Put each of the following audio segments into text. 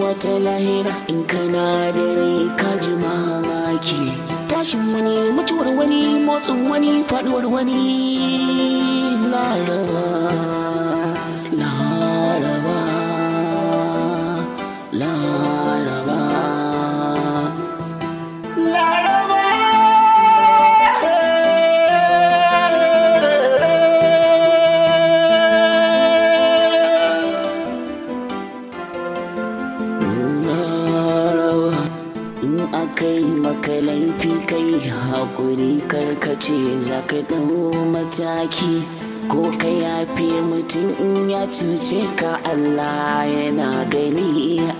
wata lahira in kana dare ka ji mamaki tashin wani mutuwar wani motsin wani faduwar wani laraba hakuri karkace za ka ɗau mataki ko ka yafe mutum in ya cuce ka Allah yana gani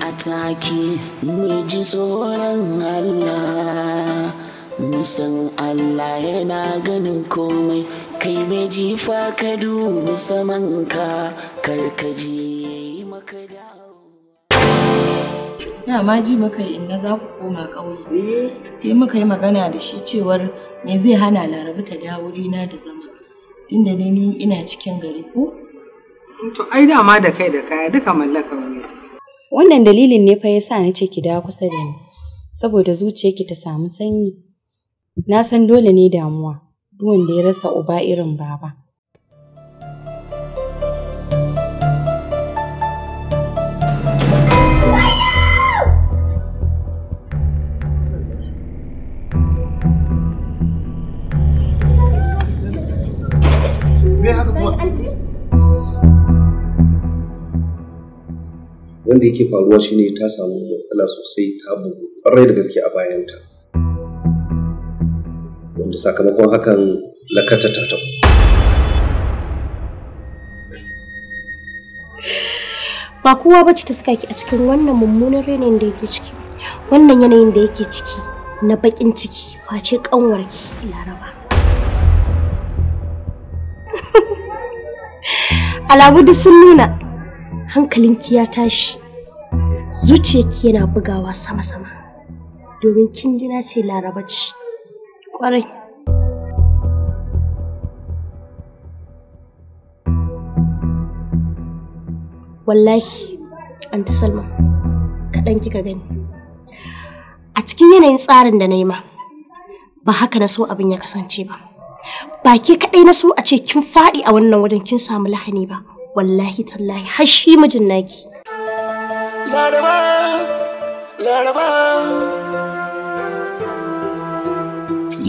a taki mu ji tsoron Allah musan Allah yana ganin komai kai mai jifa ka dubi samanka karkaji dama ji muka yi inna za ku koma ƙauye eh. sai muka yi magana da shi cewar me zai hana larabu ta dawo na da zama inda ne ni ina cikin gari ko to ai dama da kai da kaya duka mallaka ne wannan dalilin ne fa yasa na ce ki dawo kusa da ni saboda zuciyarki ta samu sanyi na san dole ne damuwa duk wanda ya rasa uba irin baba wanda yake faruwa shine ta samu matsala sosai ta bugu kwarai da gaske a bayanta wanda sakamakon hakan lakata ta ta ba kowa ce ta saka ki a cikin wannan mummunan rainin da yake ciki wannan yanayin da yake ciki na bakin ciki face kanwarki laraba alabudu sun nuna hankalinki ya tashi zuciyarki yana bugawa sama-sama domin kin jina ce laraba ce ƙwarai wallahi anti salma kaɗan kika gani a cikin yanayin tsarin da na yi ma ba haka na so abin ya kasance ba ba ke kaɗai na so a ce kin faɗi a wannan wajen kin samu lahani ba wallahi tallahi har shi mijin naki laraba laraba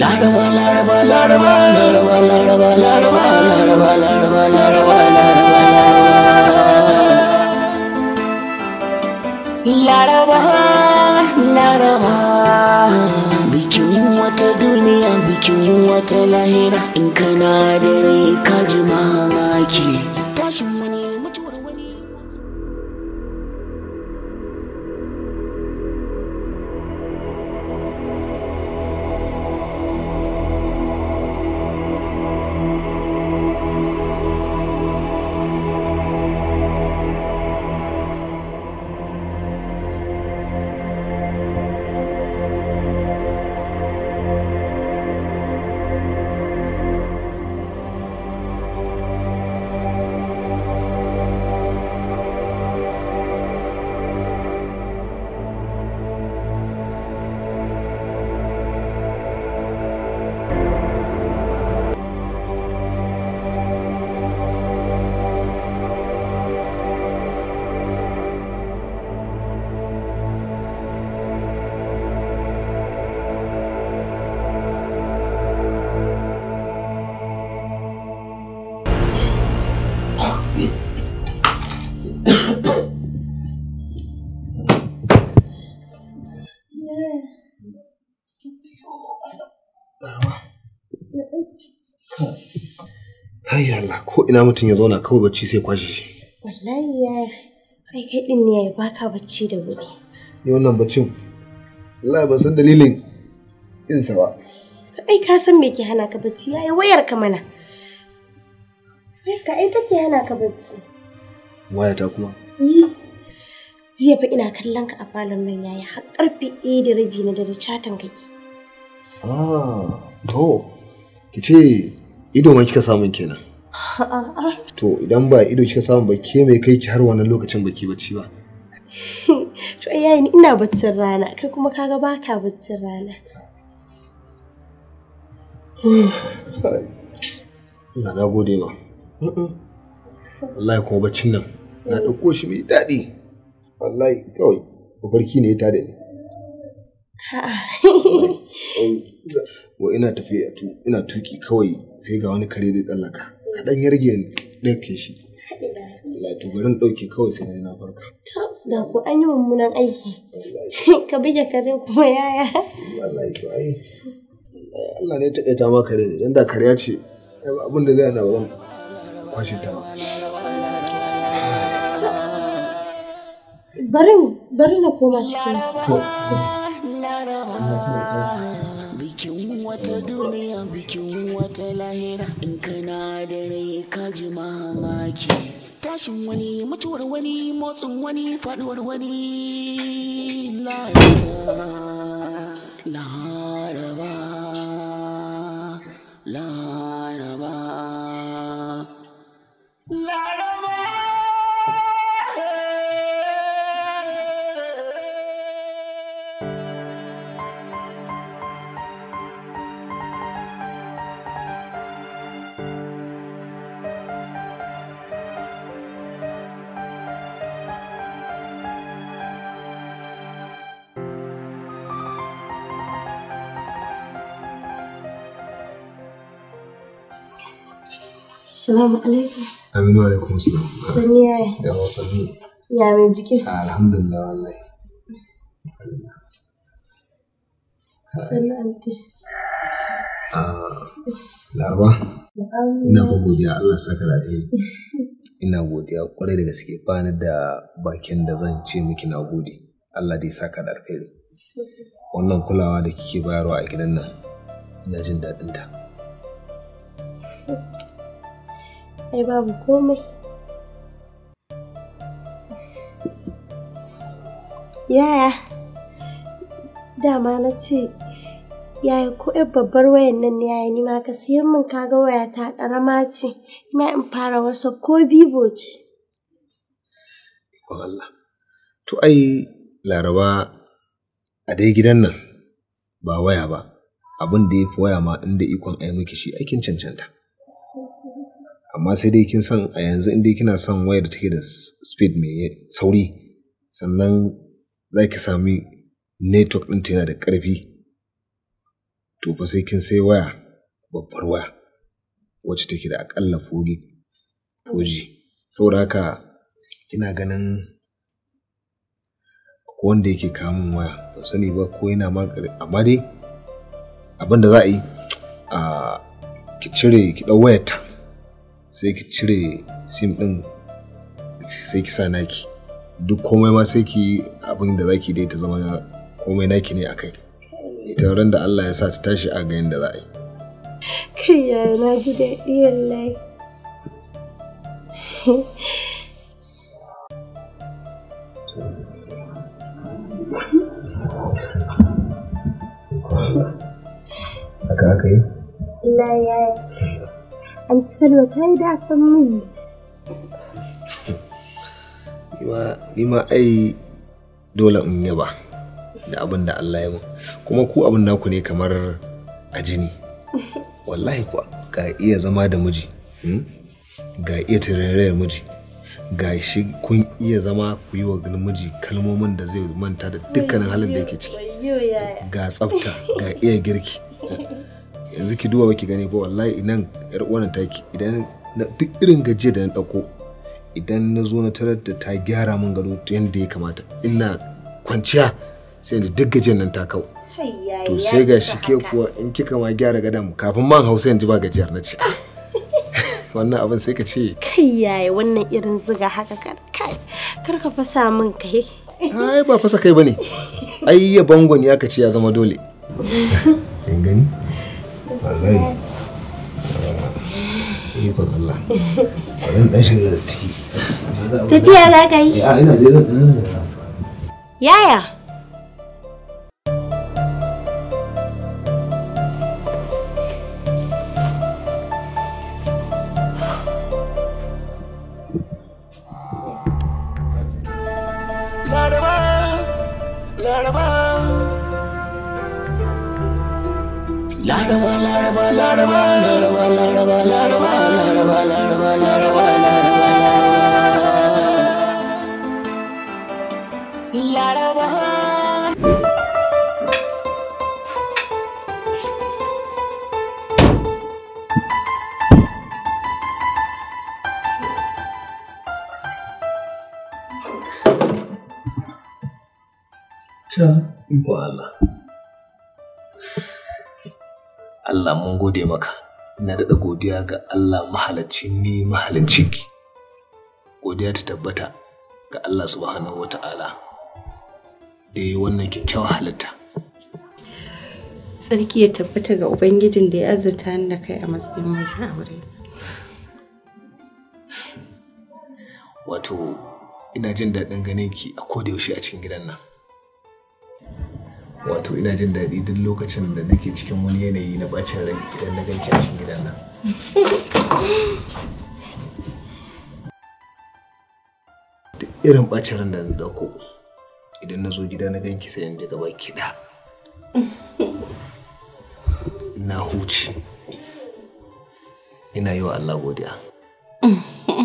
laraba laraba laraba laraba laraba laraba laraba laraba laraba laraba laraba laraba bikin wata duniya bikin wata lahira in kana da ni ka ji mamaki Allah ko ina mutum ya zauna kawai bacci sai kwashe shi wallahi ya ai kai din ne ya baka bacci da wuri ni wannan baccin Allah ban san dalilin sa ba Kai ka san me ke hana ka bacci yayi wayar ka mana ka ai take hana ka bacci wayata kuma eh. jiya fa ina kallon ka a falon nan yayi har karfe 1 da rabi na dare chatan kake ah to kice ido ma kika samun kenan To idan ba ido kika samu ba ke mai kai ki har wannan lokacin baki bacci ba. To yayi ni ina baccin rana kai kuma kaga baka baccin rana. Ina na gode ma. Wallahi kuma baccin nan na ɗauko shi mai daɗi. Wallahi kawai barki ne ya tada ni. Wa ina tafiya ina tuki kawai sai ga wani kare zai tsallaka. kaɗan yarge rage ɗauke shi wato garin ɗauke kawai sai na yi na farka da ku an yi mummunan aiki ka bige kare kuma yaya wallahi to ai Allah ne ya taƙaita ma kare ne dan da kare ce abin da zai ana ba kwashe ta ba bari na koma cikin to bikin wata duniya bikin wata lahira in kana da rai ka ji mamaki tashin wani mutuwar wani motsin wani faduwar wani lahira Salamu alaikum. Aminu alaikum salam. Sani yaya. Yawa sani. Ya mai jiki. Ah, alhamdulillah wallahi. Sani anti. Ah, Laraba. Ina ba godiya Allah saka da Ina godiya kwarai da gaske ba ni da bakin da zan ce miki na gode. Allah dai saka da alheri. Wannan kulawa da kike bayarwa a gidan nan ina jin daɗinta. ta. ai babu komai yaya dama na ce yaya ko ya babbar wayan nan ne yaya nima ka siyan min kaga waya ta karama ce ma in fara wasa ko bibo ce Allah to ai laraba a dai gidan nan ba waya ba abin da ya fi waya ma inda ikon ai miki shi aikin cancanta amma sai dai kin san a yanzu in dai kina son wayar da take da speed mai sauri sannan za ki sami network ɗinta yana da ƙarfi to fa sai kin sai waya babbar waya wacce take da aƙalla 4 waje. saboda haka kina ganin wanda yake kamun waya ba sani ba ko yana ma amma dai abin za a yi a ki cire ki ɗau wayarta sai ki cire sim ɗin sai ki sa naki duk komai ma sai ki abin da zaki dai ta zama komai naki ne akai ita ran da Allah ya sa ta tashi a ga yanda za a yi kai ya na ji daɗi wallahi haka haka yi? Anti Salwa ta yi datan miji. Ni ma ai dole in yaba da abin da Allah ya Kuma ku abin naku ne kamar a jini. Wallahi kuwa ga iya zama da miji, ga iya tarayyar miji, ga shi kun iya zama ku yi wa miji kalmomin da zai manta da dukkanin halin da yake ciki. Ga tsafta, ga iya girki. yanzu ki duba ki gani ba wallahi nan yar uwan taki idan na duk irin gajiya da na dauko idan na zo na tarar da ta gyara min gado yadda ya kamata ina kwanciya sai da duk gajiyan nan ta kawo to sai ga shi ke kuwa in kika ma gyara gadon kafin man hausa yanzu ba gajiyar na ci. wannan abin sai ka ce kai yaye wannan irin zuga haka kar kai kar ka fasa min kai ai ba fasa kai bane ai ya bangon ya kace ya zama dole in gani wallahi ah, ikon Allah shiga da ciki tafiya za ka yi ina je zan yaya laraba laraba laraba laraba laraba laraba laraba laraba laraba laraba laraba Ta, iguala. Allah mun gode maka ina daɗa godiya ga Allah mahalaccin ni ki, godiya ta tabbata ga Allah subhanahu wa ta'ala da yi wannan kyakkyawar halitta sarki ya tabbata ga ubangijin da ya azurta ni da kai a matsayin mijin aure wato ina jin daɗin ganin ki a yaushe a cikin gidan nan wato ina jin daɗi duk lokacin da nake cikin wani yanayi na bacin rai idan na ganke a cikin gidan nan duk irin bacin ran da na dauko idan na zo gida na ganki sai in ji gaba kiɗa na huce ina yi wa Allah godiya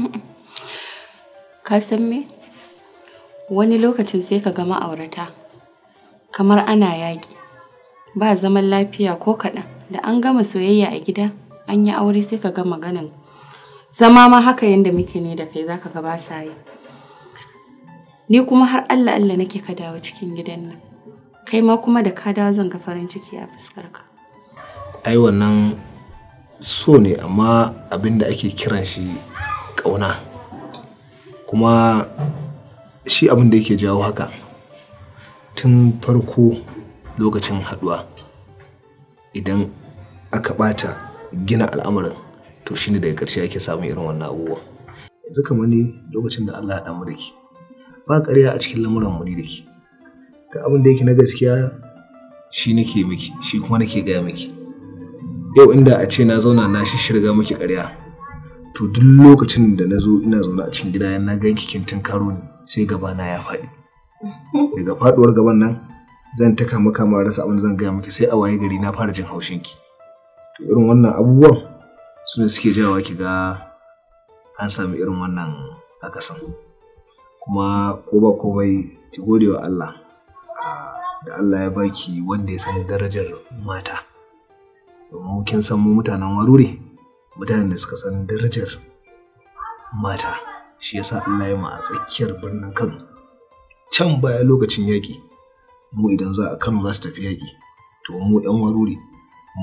ka san me wani lokacin sai ka gama aurata. kamar ana yaƙi. Ba zaman lafiya ko kaɗan. Da an gama soyayya a gida, an yi aure sai ka ga maganan zama ma haka yanda muke ne da kai za ka ga sa yi. Ni kuma har Allah Allah nake ka dawo cikin gidan nan. Kai ma kuma da ka dawo zan ga farin ciki a ka Ai wannan so ne amma abin da ake kiran shi ƙauna. Kuma shi abin da yake jawo haka. tun farko lokacin haduwa idan aka bata gina al'amarin to shine daga ƙarshe ake samun irin wannan abubuwa yanzu kamar ni lokacin da Allah ya damu da ki ba ƙarya a cikin lamuran mu ne da ki da abin da yake na gaskiya shi nake miki shi kuma nake gaya miki yau inda a ce na zauna na shirga miki ƙarya to duk lokacin da na zo ina zauna a cikin gida na ganki kin tunkaro ni sai gaba na ya faɗi daga faduwar gaban nan zan taka maka ma rasa abin da zan gaya miki sai a waye gari na fara jin haushin ki to irin wannan abubuwan su ne suke jawa ki ga an sami irin wannan akasin kuma ko ba komai ki gode wa Allah da Allah ya baki wanda ya san darajar mata domin kin san mu mutanen warure mutanen da suka san darajar mata shi yasa Allah ya ma a tsakiyar birnin Kano can baya lokacin yaƙi mu idan za a kano za su tafi yaƙi to mu yan waruri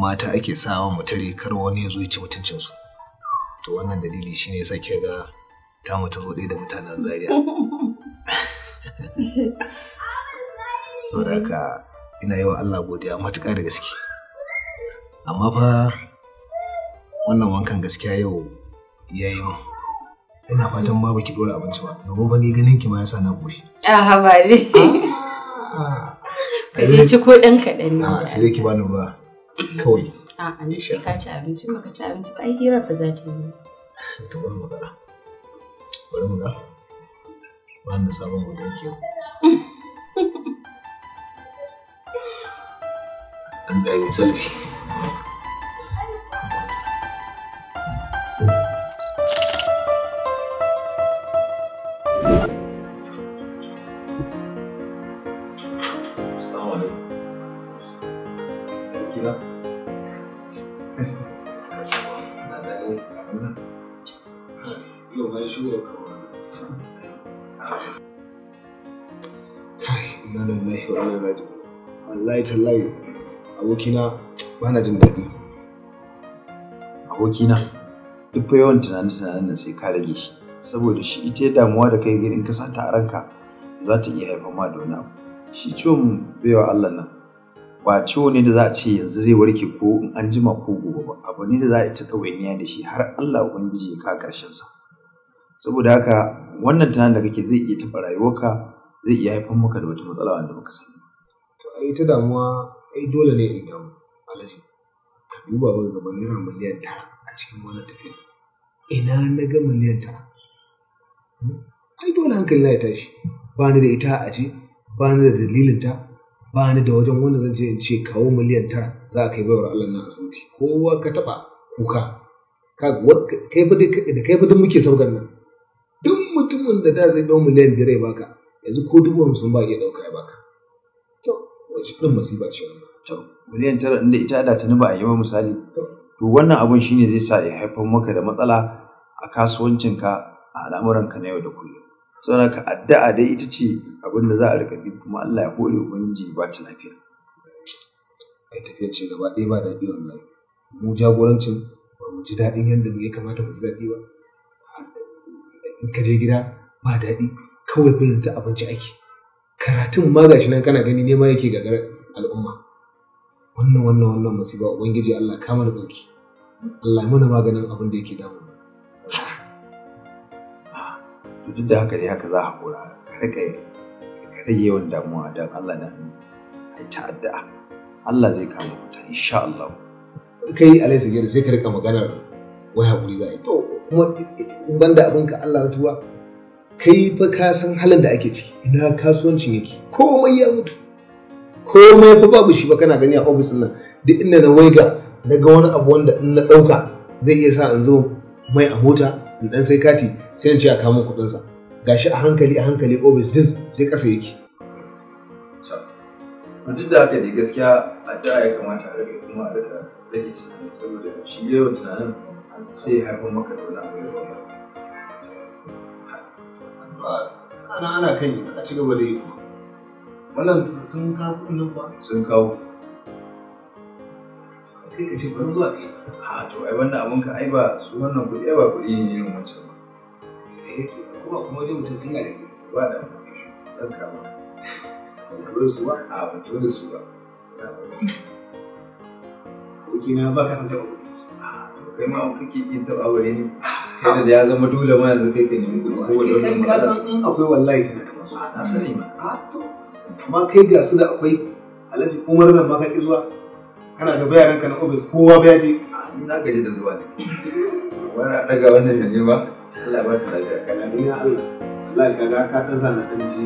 mata ake sawa mu tare kar wani ya zo ya ci mutuncinsu to wannan dalili shine yasa ke ga ta mu zo ɗaya da mutanen zaria da haka ina yi wa Allah godiya matuƙa da gaske amma fa wannan wankan gaskiya yau ya yi mu ina fatan ma baki dora abinci ba na gobe ni ganin ki ma yasa na goshi a ah, ba ne ah. ka je ci ko dan kaɗan ne ah, sai dai ki ba ni ruwa kawai a ne sai ka ci abinci maka ci abinci ba ai hirar ba za ta yi to ba mu ga bari mu ga wannan sabon hoton ke an ɗaya selfie abokina ba yawan tunanin-tunanin nan sai ka rage shi. Saboda shi ita damuwa da kai in ka sata a za ta iya haifar ma da abu. Shi ciwon baiwa Allah nan ba ciwo ne da za a ce yanzu zai warke ko in an jima ko gobe ba abu ne da za a ta ɗawainiya da shi har Allah ubangiji ya ka ƙarshen sa saboda haka wannan tunanin da kake zai iya taɓa rayuwarka zai iya haifar maka da wata matsala wanda baka sani to ai ta damuwa ai dole ne in damu alaji ka duba ba gaba naira miliyan tara a cikin wannan tafiya ina na ga miliyan tara hmm? ai dole hankali na ya tashi ba ni da ita a ji ba ni da dalilin ta ba ni da wajen wanda zan je in ce kawo miliyan tara za ka yi baiwar Allah na asibiti kowa ka taba kuka da kai fa duk muke saukar nan duk mutumin da da zai dau miliyan biyar ya baka yanzu ko dubu hamsin ba iya dauka ya baka to wace ɗin masifa ce wannan to miliyan tara inda ita da tuni ba a yi ba misali to wannan abun shine zai sa ya haifar maka da matsala a kasuwancinka a al'amuranka na yau da kullum saboda haka addu'a dai ita ce abin da za a riƙa bi kuma Allah ya hore ubangiji ba ta lafiya ai tafiya ce gaba ɗaya ba daɗi wallahi mu jagorancin ba mu ji daɗin yadda ya kamata mu ji daɗi ba in ka je gida ba daɗi kawai bin ta abinci ake karatun ma gashi nan kana gani nema yake gagarar al'umma wannan wannan wannan musiba ubangiji Allah kama da ɗauki Allah mana maganin abin da yake damu to duk da haka dai haka za a hakura ka ka rage yawan damuwa don Allah dan ai addu'a. Allah zai kama mata insha Allah kai alai sagir sai ka rika maganar wai hakuri za a yi to kuma banda abin ka Allah na tuwa kai fa ka san halin da ake ciki ina kasuwancin yake komai ya mutu komai fa babu shi ba kana gani a ofis nan duk inda na waiga na ga wani abu wanda in na ɗauka zai iya sa in zo mai a mota in dan sai kati sai in ce a kamo kudinsa. sa gashi a hankali a hankali obis dis sai ƙasa yake duk da haka dai gaskiya addu'a ya kamata a rage kuma a rika rage tunani saboda shi yawan tunanin sai ya haifar maka da wani abu gaskiya ana ana kan yi a ci gaba da yi wannan sun kawo kuɗin ba sun kawo sai ka ce bari zuwa kai a to ai wannan abun ka ai ba su wannan kuɗi ai ba kuɗi ne yin wancan ba da eh, yake kuma kuma dai mutum ɗaya da ba da ɗan kama ba zo su ba a ba to da su ba suna ba kuɗi na ba ka san taɓa kuɗi to kai ma kake kin taɓa wuri ne kai da ya zama dole ma yanzu kai ka nemi kuɗi saboda wannan matsala ka san in akwai wallahi sai ka masu a na sani ma a to amma kai ga su da akwai alhaji umar nan ma ka ƙi zuwa kana da bayanan ka na ofis kowa ba ya je na gaji da zuwa ne wani a daga wannan da ba Allah ba ta lafiya kana ya Allah Allah ka ga ka dan sana kan ji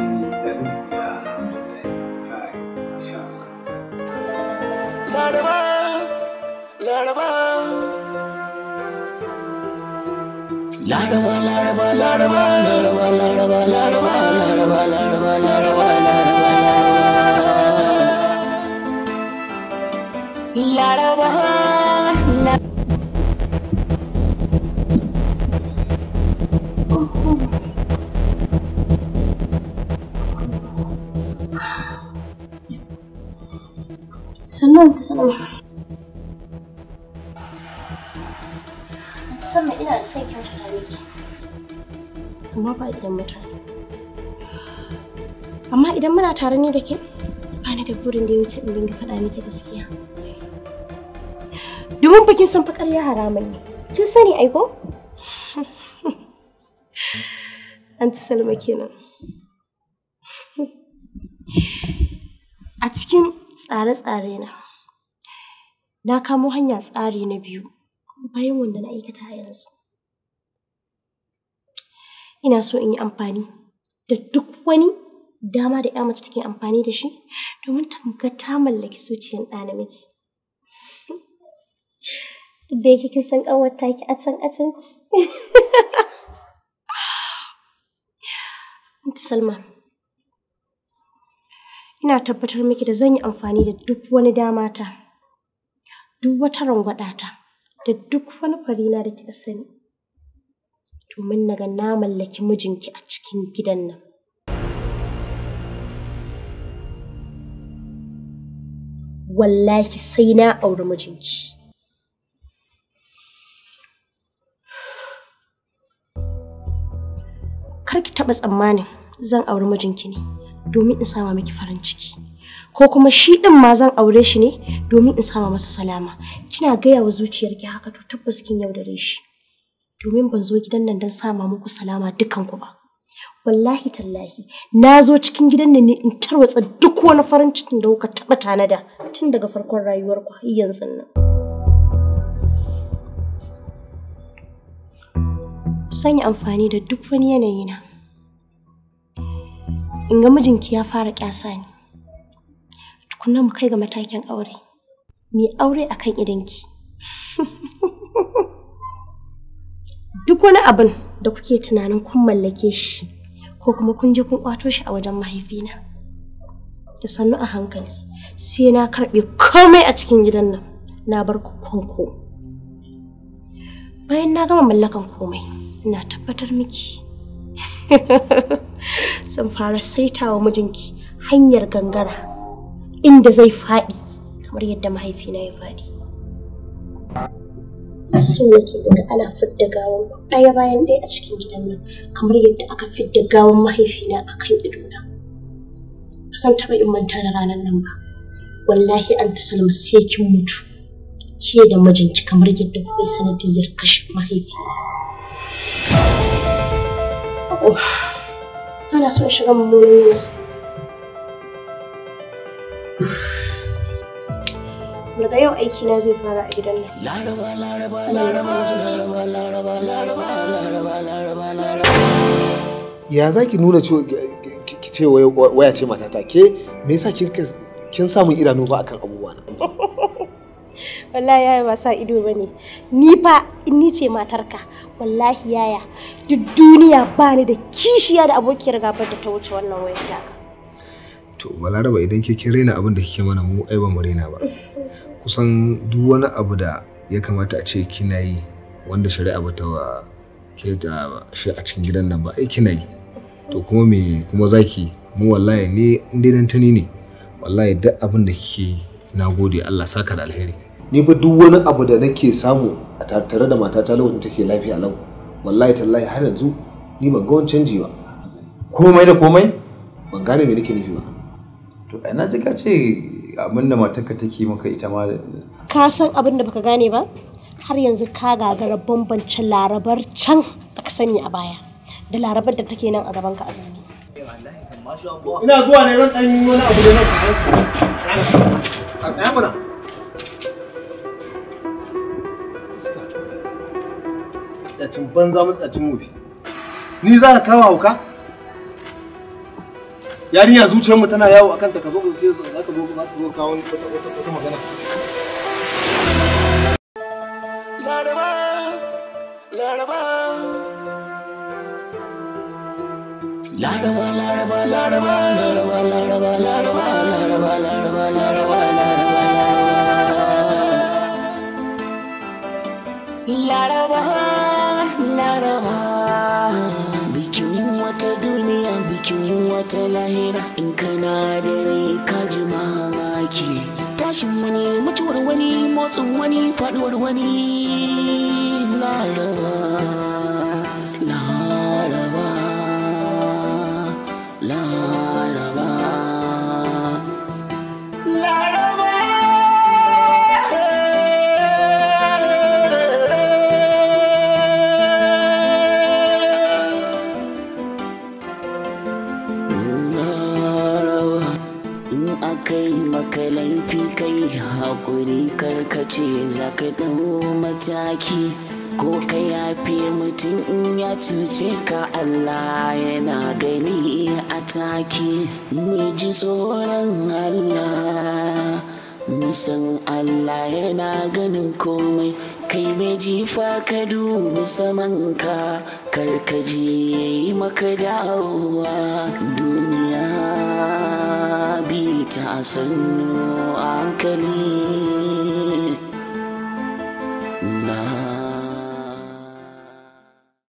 Laraba, Laraba, Laraba, Laraba. Laraba, Laraba, Laraba, Laraba, Laraba, Laraba, Laraba, Laraba, Laraba, Laraba. laraba sannan ta sanarwa sama ina da son kyautata miki amma ba idan mutane amma idan muna tare ni da ke ba ni da burin da ya wuce in dinga faɗa miki gaskiya domin kin san fa ya harama ne kin sani aiko anti salma kenan a cikin tsare-tsare na na kamo hanya tsari na biyu bayan wanda na aikata a yanzu ina so in yi amfani da duk wani dama da ya mace take amfani da shi domin tamgata ta mallaki zuciyar ɗa da yake kin san kanwar taki a atan a Salma ina tabbatar miki da zan yi amfani da duk wani dama ta duk wata rangwada ta da duk wani farina da kika sani domin naga na mallaki mijinki a cikin gidan nan wallahi sai na auri mijinki kar ki taɓa tsammanin zan auri mijinki ne domin in sama miki farin ciki ko kuma shi ɗin ma zan aure shi ne domin in sama masa salama kina gaya wa zuciyarki haka to tabbas kin yaudare shi domin ban zo gidan nan don sama muku salama dukanku ba wallahi tallahi na zo cikin gidan nan ne in tarwatsa duk wani farin cikin da kuka taɓa tanada tun daga farkon rayuwarku har yanzu nan. sanya amfani da duk wani yanayi na. In ga mijinki ya fara kyasa ni. Tukunna mu kai ga matakin aure. Mu aure akan kan idanki. Duk wani abin da kuke tunanin kun mallake shi ko kuma kun je kun kwato shi a wajen mahaifina. Da sannu a hankali sai na karɓe komai a cikin gidan nan na bar ku bayan na gama mallakan komai. ina tabbatar miki zan fara saita wa mijinki hanyar gangara inda zai faɗi kamar yadda mahaifina ya faɗi so yake daga ana fidda gawan ɗaya bayan ɗaya a cikin gidan nan kamar yadda aka fidda gawan mahaifina a kan idona ba san taɓa in manta da ranar nan ba wallahi an ta salma sai kin mutu ke da mijinki kamar yadda kuka yi sanadiyyar kashe mahaifina sako ana so in shiga mummunan yana daga yau aiki na zai fara a gidan nan laraba laraba laraba laraba laraba laraba laraba laraba laraba ya za ki nuna ki ce waya ce matata ke me yasa kin samun idanu ba akan abubuwa na wallahi yaya ba sa ido bane ni fa in ni ce matarka wallahi yaya duk duniya ba ni da kishiya da abokiyar gabar da ta wuce wannan wayar ka to balaraba idan ke kin raina abin da kike mana mu ai ba mu raina ba kusan duk wani abu da ya kamata a ce kina yi wanda shari'a ba ta ke ta shi a cikin gidan nan ba ai kina yi to kuma me kuma zaki mu wallahi ne in dai tani ne wallahi duk abin da kike yi na gode Allah saka da alheri ni fa duk wani abu da nake samu a tattare da matata lokacin take lafiya lau wallahi tallahi har yanzu ni ban ga wani canji ba komai da komai ban gane me nake nufi ba to ina na ji ka ce abin da matarka take maka ita ma ka san abin da baka gane ba har yanzu ka gagara bambancin larabar can da ka sani a baya da larabar da take nan a gaban ka a zane ina zuwa ne zan ɗan yi wani abu da nan a tsaya mana matsacin banza matsacin mofi ni za ka kawo hauka yarinya zuciyarmu tana yawo akan ta ka zo ka zo ka zo ka kawo wata magana Laraba, Laraba. Laraba, Laraba, Laraba, Laraba, Laraba, Laraba, Laraba, Laraba, Laraba, Laraba, Laraba. Laraba. wata lahira in kana da rai ka ji mamaki tashin wani mutuwar wani motsin wani faduwar wani laraba ce za ka ɗau mataki ko ka yafe mutum in ya cuce ka Allah yana gani a taki mu ji tsoron Allah musan Allah yana ganin komai kai mai jifa ka dubi samanka karkaji ya yi maka dawowa duniya bi ta sannu hankali